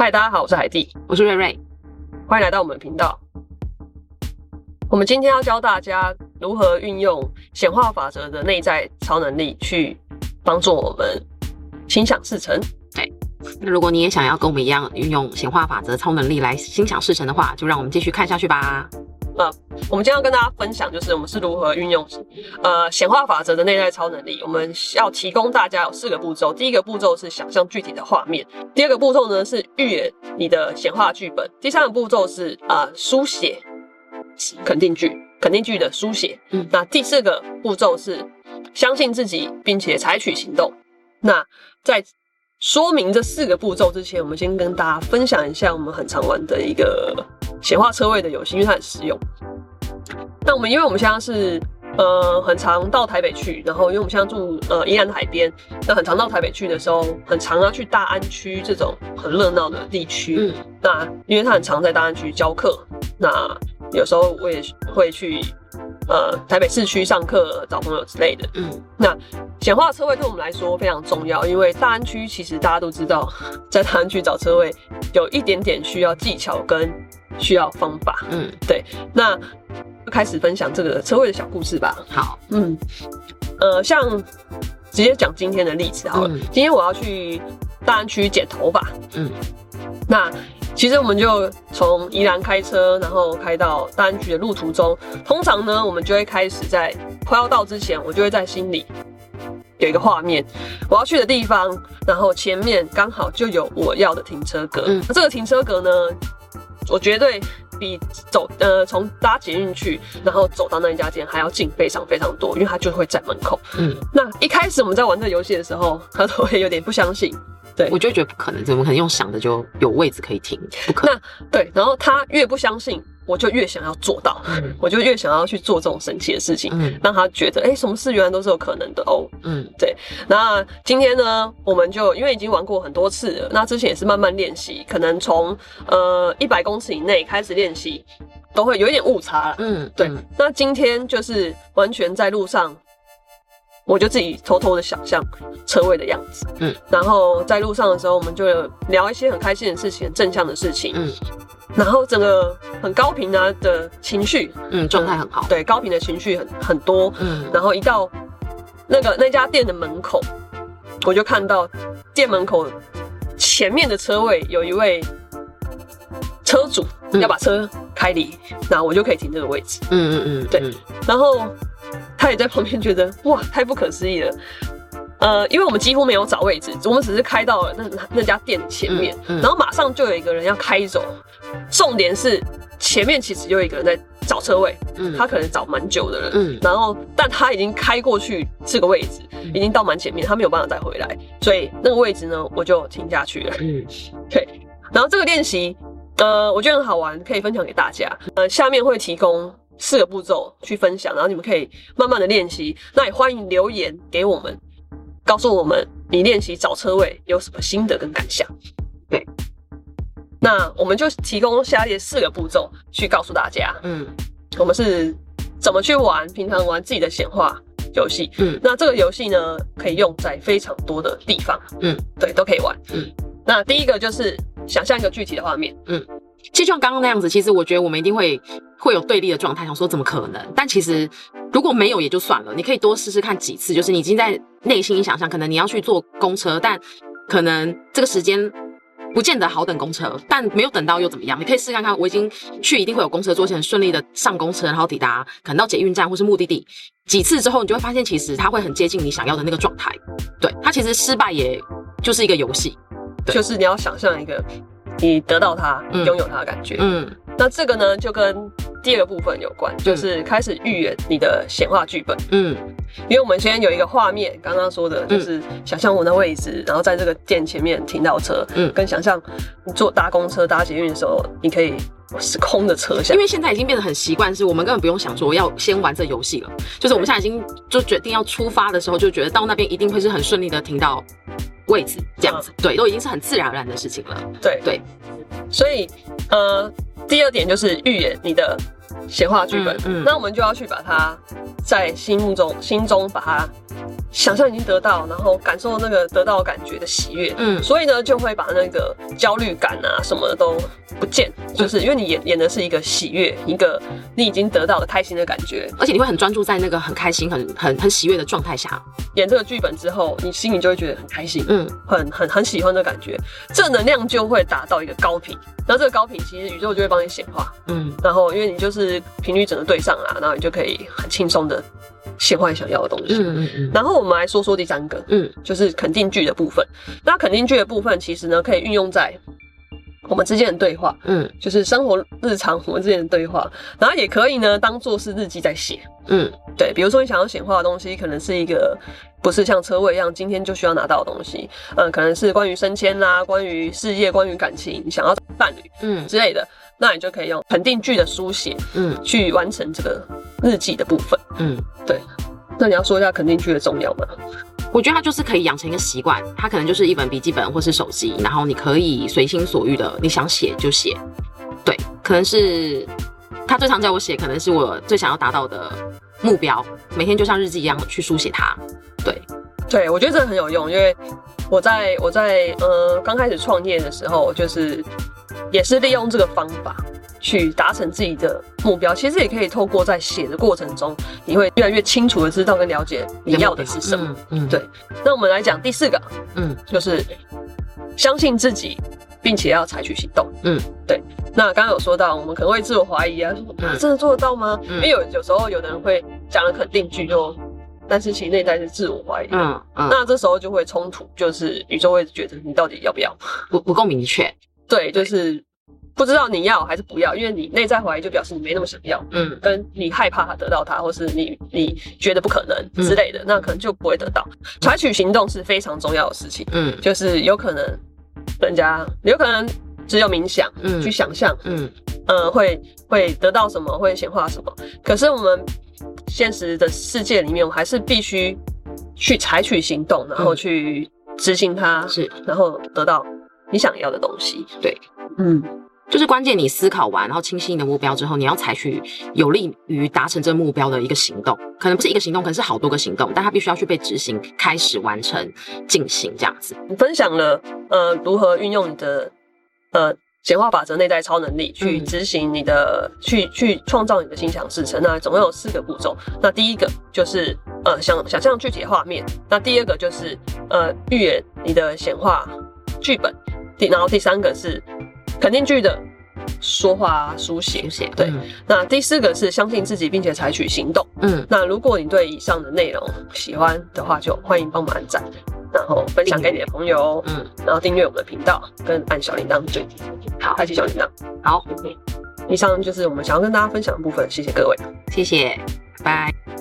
嗨，大家好，我是海蒂，我是瑞瑞，歡迎來到我們的頻道。我們今天要教大家如何運用顯化法則的內在超能力，去幫助我們心想事成。對，那如果你也想要跟我們一樣運用顯化法則超能力來心想事成的話，就讓我們繼續看下去吧。呃，我們今天要跟大家分享，就是我們是如何運用，呃，顯化法則的內在超能力。我們要提供大家有四個步驟。第一個步驟是想象具體的畫面，第二個步驟呢是預演你的顯化劇本，第三個步驟是啊、呃，書寫肯定句，肯定句的書寫、嗯。那第四個步驟是相信自己，並且採取行動。那在說明這四個步驟之前，我們先跟大家分享一下我們很常玩的一個顯化車位的遊戲，因為它很實用。那我們，因為我們現在是呃很常到台北去，然後因為我們現在住呃宜蘭海邊，那很常到台北去的時候，很常要去大安區這種很熱鬧的地區。嗯。那因為他很常在大安區教課，那有時候我也會去呃台北市區上課、找朋友之類的。嗯。那顯化車位對我們來說非常重要，因為大安區其實大家都知道，在大安區找車位有一點點需要技巧跟。需要方法，嗯，對，那就開始分享這個車位的小故事吧。好，嗯，呃，像直接講今天的例子好了。嗯、今天我要去大安區剪頭髮，嗯，那其實我們就從宜蘭開車，然後開到大安區的路途中，通常呢，我們就會開始在快要到之前，我就會在心裡有一個畫面，我要去的地方，然後前面剛好就有我要的停車格，嗯、那這個停車格呢？我絕對比走，呃，從搭捷運去，然後走到那一家店還要近非常非常多，因為他就會在門口。嗯，那一開始我們在玩這個遊戲的時候，他都會有點不相信。對，我就覺得不可能，怎麼可能用想的就有位置可以停？不可能。那對，然後他越不相信。我就越想要做到。嗯，我就越想要去做這種神奇的事情，嗯、讓他覺得哎、欸，什麼事，原來都是有可能的哦。嗯，對。那今天呢，我們就因為已經玩過很多次了，那之前也是慢慢練習，可能從呃一百公尺以內開始練習，都會有一點誤差了。嗯，對嗯。那今天就是完全在路上，我就自己偷偷的想象車位的樣子。嗯，然後在路上的時候，我們就聊一些很開心的事情，正向的事情。嗯，然後整個。很高頻啊的情緒，嗯，狀態很好。嗯，對，高頻的情緒很很多，嗯，然後一到那個那家店的門口，我就看到店門口前面的車位有一位車主要把車開離，嗯，然後我就可以停這個位置，嗯嗯嗯，嗯，對，然後他也在旁邊覺得哇，太不可思議了，呃，因為我們幾乎沒有找位置，我們只是開到了那那家店前面，嗯嗯，然後馬上就有一個人要開走，重點是。前面其實有一個人在找車位，他可能找蠻久的人。嗯，然後但他已經開過去這個位置，嗯，已經到蠻前面，他沒有辦法再回來，所以那個位置呢，我就停下去了。對，嗯，okay, 然後這個練習，呃，我覺得很好玩，可以分享給大家。呃，下面會提供四個步驟去分享，然後你們可以慢慢的練習。那也歡迎留言給我們，告訴我們你練習找車位有什麼心得跟感想。對，okay. 那我們就提供下列四個步驟去告訴大家，嗯，我們是怎麼去玩，平常玩自己的顯化遊戲，嗯，那這個遊戲呢，可以用在非常多的地方，嗯，對，都可以玩，嗯，那第一個就是想象一個具體的畫面，嗯，就像剛剛那樣子，其實我覺得我們一定會會有對立的狀態，想說怎麼可能？但其實如果沒有也就算了，你可以多試試看幾次，就是你已經在內心想像，可能你要去坐公車，但可能這個時間。不見得好等公車，但沒有等到又怎麼樣？你可以試看看，我已經去，一定會有公車坐，先順利的上公車，然後抵達，可能到捷運站或是目的地。幾次之後，你就會發現，其實它會很接近你想要的那個狀態。對，它其實失敗也就是一個遊戲，就是你要想象一個你得到它、嗯、擁有它的感覺。嗯。那這個呢，就跟第二部分有關，嗯、就是開始預演你的顯化劇本。嗯，因為我們先有一個畫面，剛剛說的、嗯、就是想象我的位置，然後在這個店前面停到車。嗯，跟想象你坐搭公車、搭捷運的時候，你可以是空的車廂。因為現在已經變得很習慣，是我們根本不用想說我要先玩這遊戲了。就是我們現在已經就決定要出發的時候，就覺得到那邊一定會是很順利的停到位置這樣子、啊。對，都已經是很自然而然的事情了。對對。所以，呃，第二點就是預演你的顯化劇本，嗯嗯，那我們就要去把它在心目中心中把它想象已經得到，然後感受那個得到的感覺的喜悅，嗯，所以呢，就會把那個焦慮感啊什麼的都不見，就是因為你演演的是一個喜悅，一個你已經得到了開心的感覺，而且你會很專注在那個很開心、很很很喜悅的狀態下演這個劇本之後，你心裡就會覺得很開心，嗯，很很很喜歡的感覺，正能量就會達到一個高頻，然後這個高頻其實宇宙就會幫你顯化，嗯，然後因為你就是頻率整個對上啊，然後你就可以很輕鬆的。顯化想要的東西。嗯嗯嗯。然後我們來說說第三個，嗯，就是肯定句的部分。那肯定句的部分其實呢，可以運用在我們之間的對話，嗯，就是生活日常我們之間的對話，然後也可以呢當做是日記在寫，嗯，對。比如說你想要顯化的東西，可能是一個不是像車位一樣今天就需要拿到的東西，嗯，可能是關於升遷啦，關於事業，關於感情，想要伴侶，嗯之類的，那你就可以用肯定句的書寫，嗯，去完成這個。日記的部分，嗯，對，那你要說一下肯定句的重要嗎？我覺得它就是可以養成一個習慣，它可能就是一本筆記本或是手機，然後你可以隨心所欲的，你想寫就寫。對，可能是他最常叫我寫，可能是我最想要達到的目標。每天就像日記一樣去書寫它。對，對我覺得這個很有用，因為我在我在呃剛開始創業的時候，就是也是利用這個方法，去達成自己的目標，其實也可以透過在寫的過程中，你會越來越清楚的知道跟了解你要的是什麼。嗯，嗯，對。那我們來講第四個，嗯，就是相信自己，並且要採取行動。嗯，對。那剛剛有說到，我們可能會自我懷疑啊，嗯，說真的做得到嗎？嗯嗯，因為有有時候有的人會講了肯定句就，就，嗯，但是其實內在是自我懷疑，啊。嗯嗯。那這時候就會衝突，就是宇宙會覺得你到底要不要？不不夠明確。對，就是。不知道你要還是不要，因為你內在懷疑，就表示你沒那麼想要。嗯，跟你害怕得到它，或是你你覺得不可能之類的，嗯、那可能就不會得到。嗯、採取行動是非常重要的事情。嗯，就是有可能人家有可能只有冥想，嗯，去想象，嗯，呃，會會得到什麼，會顯化什麼。可是我們現實的世界裡面，我們還是必須去採取行動，然後去執行它，是、嗯，然後得到你想要的東西。對，嗯。就是關鍵，你思考完，然後清晰你的目標之後，你要採取有利於達成這個目標的一個行動，可能不是一個行動，可能是好多個行動，但它必須要去被執行，開始完成，進行這樣子。你分享了呃，如何運用你的呃顯化法則內在超能力去執行你的、嗯、去去創造你的心想事成。那總共有四個步驟，那第一個就是呃想想象具體的畫面，那第二個就是呃預演你的顯化劇本，第然後第三個是。肯定句的說話書寫，對、嗯。那第四個是相信自己，並且採取行動。嗯，那如果你對以上的內容喜歡的話，就歡迎幫忙按讚，然後分享給你的朋友。嗯，然後訂閱我們的頻道，跟按小鈴鐺最近好，開啟小鈴鐺。好，以上就是我們想要跟大家分享的部分。謝謝各位，謝謝，拜拜。